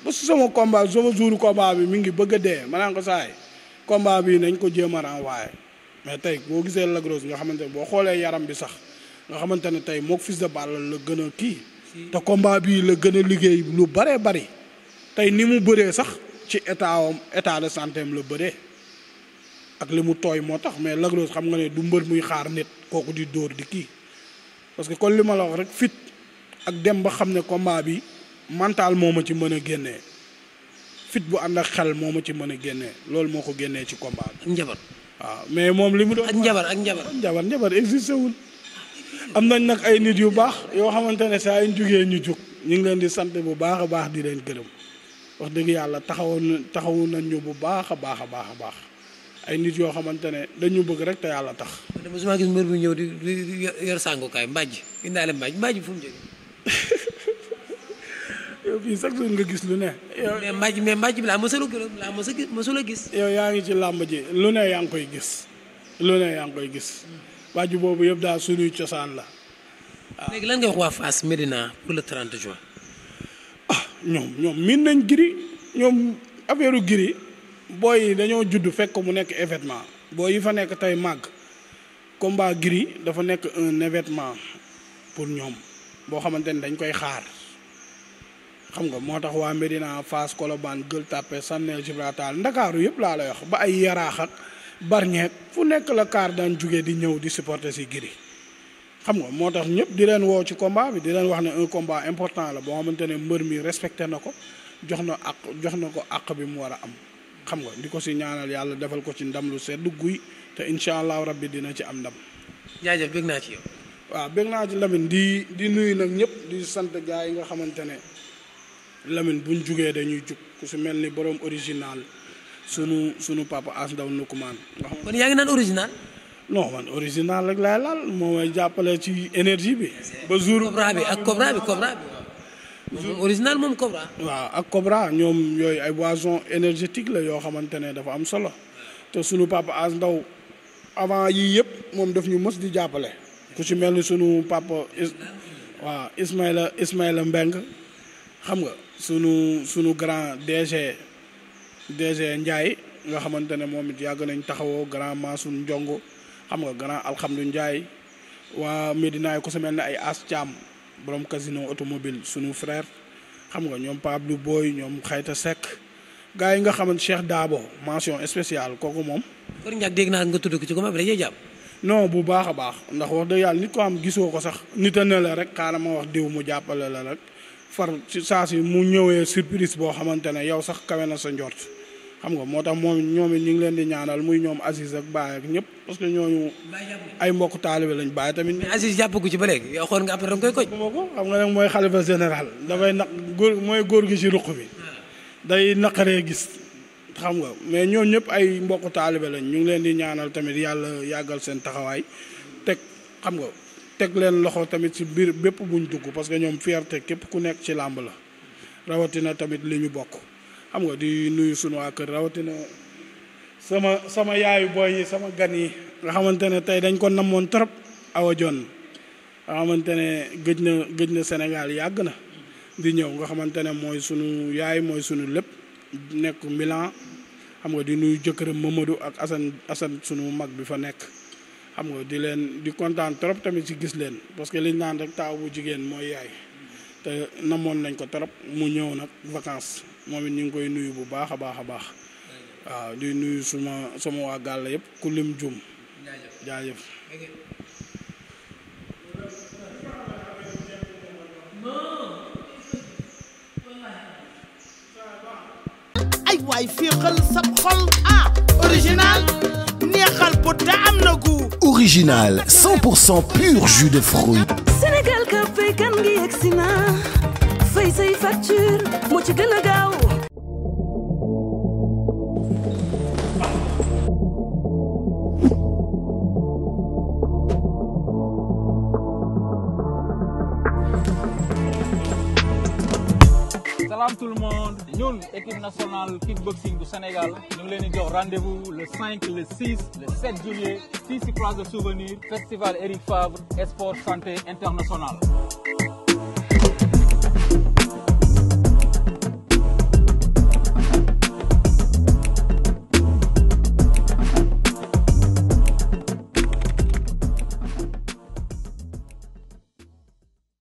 ba si sama combat sama jouru combat bi mi ngi bëgg a dee ma naan ko saay combat bi nañ ko jéem a renvoyer mais tey boo gisee Lac Rose nga xamante ne boo xoolee yaram bi sax nga xamante ne tey mook Fils de Balla la gën a kii. te combat bii la gën a liggéey lu bëree bëri tey ni mu bëree sax ci état am état de santé la bëree. ak li mu tooy moo tax mais Lac Rose xam nga ne du mbër muy xaar nit kooku di dóor di kii parce que kon li ma la wax rek fit ak dem ba xam ne combat bi mental moo ma ci mën a génnee fit bu ànd ak xel moo ma ci mën a génne loolu moo ko génne ci combat bi. njabar waaw mais moom li mu doon. ak njabar ak njabar. njabar njabar existé wul am nañ nag ay nit yu baax yoo xamante ne saa yu ñu ñu jóg ñu ngi leen di sant bu baax a baax di leen gërëm wax dëgg yàlla taxawoon taxawu nañ ñu bu baax a baax a baax a baax. ay nit yoo xamante ne dañu bëgg rek te yàlla tax. man mosuma gis mbër bu ñëw di yor sàngukaay mbàjj indaale mbàjj [LAUGHS] nga gis lu ne. mais mbàjj mais bi laa mosul laa mosul a gis. yow yaa ngi ci làmb lu ne yaa ngi koy gis lu yaa ngi koy gis. mbàjj boobu yëpp daal suñuy cosaan la. waaw ah. léegi lan nga wax waa Fass Médina pour le 30 juin. ah ñoom ñoom miin nañ giri ñoom affaire giri. booy yi dañoo judd fekk ko mu nekk événement booy yi fa nekk tey màgg combat gri dafa nekk un événement pour ñoom boo xamante ne dañ koy xaar xam nga moo tax waa Médina fas Colobane Gueule Tapée Sanel Gibraltar Ndakaaru yëpp laa lay wax ba ay yaraaxat barñeek fu nekk la kaar daan jugee di ñëw di supporter si gris xam nga moo tax ñëpp di leen woo ci combat bi di leen wax ne un combat important la boo xamante ne mbër mi respecté na ko jox na ak jox na ko àq bi mu war a am xam nga di ko si ñaanal yàlla defal ko ci ndam lu sedd guy te incha allah rabbi dina ci am ndam. jaajëf bëgg naa ci yow. waaw bëgg naa di di nuyu nag ñëpp di sant gars yi nga xamante ne Lamine buñ jugee dañuy jug ku si mel ni borom original sunu sunu papa as ndaw nukumaan. kon yaa ngi naan original. non man original rek laay laal moo may jàppale ci énergie bi. ba jour. Cobra bi ak Cobra bi Cobra bi. original moom Cobra. waaw ak Cobra ñoom yooyu ay boisson énergétique la yoo xamante ne dafa am solo te suñu papa as ndaw avant yii yëpp moom daf ñu mës di jàppale ku ci mel ni suñu papa is waaw Ismaïla Ismaïla Mbeng xam nga sunu sunu grand DG DG Ndiaye nga xamante ne moom it yàgg nañ taxawoo grand Massoun Ndiongo xam nga grand alhamdu Ndiaye waa Medina ko su mel ne ay As Thiam borom casino automobile suñu frère xam nga ñoom Pablo Boy ñoom Xayta Seck gars yi nga xamante Cheikh daabo mention spéciale kooku moom. Kër Ndiak dégg naa nga tudd ko ci comment bi dañuy jàpp. non bu baax a baax ndax wax dëgg yàlla nit ko am gisoo ko sax nit a ne rek xaaral ma wax diw mu jàppale la rek far ci saa si mu ñëwee surprise boo xamante ne yow sax kawe na sa njort. xam nga moo tax moom ñoom it ñu ngi leen di ñaanal muy ñoom Aziz ak Baye ak ñëpp parce que ñooñu. ay mbokk taalibe lañ Baye tamit. mais Aziz jàppagu ci ba léegi yow xool nga après danga koy koj. xam nga nag mooy xalifa général dafay naq góor mooy góor gi ci ruq bi day naqaree gis xam nga mais ñoo ñëpp ay mbokk taalibe lañ ñu ngi leen di ñaanal tamit yàlla yàggal seen taxawaay teg xam nga teg leen loxo tamit ci biir bépp buñ dugg parce que ñoom fierté képp ku nekk ci làmb la rawatina tamit li ñu bokk. xam nga di nuyu sunu waa kër rawatina sama sama yaayu boy yi sama gan yi nga xamante ne tey dañ ko namoon trop awa jon nga xamante ne gëj na gëj na Sénégal yàgg na di ñëw nga xamante ne mooy sunu yaay mooy sunu lépp nekk Milan xam nga di nuyu jëkkëram Mamadou ak Assane Assane sunu mag bi fa nekk xam nga di leen di kontaan trop tamit ci gis leen parce que liñ naan rek taaw bu jigéen mooy yaay te namoon nañ ko trop mu ñëw nag vacances moom it ñu ngi koy nuyu bu baax a baax a baax waaw di nuyu suma sama waa gàll yëpp ku lim jum jaajëf ay waay féexal sab xol ah original neexal pour cent pur jus de fruits Sénégal ka fay kan gi yegsi na fay say salaam tout le monde ñun équipe nationale kickboxing du Sénégal ñu ngi rendez-vous le le juillet fii ci place souvenir festival Eric Favre sport santé international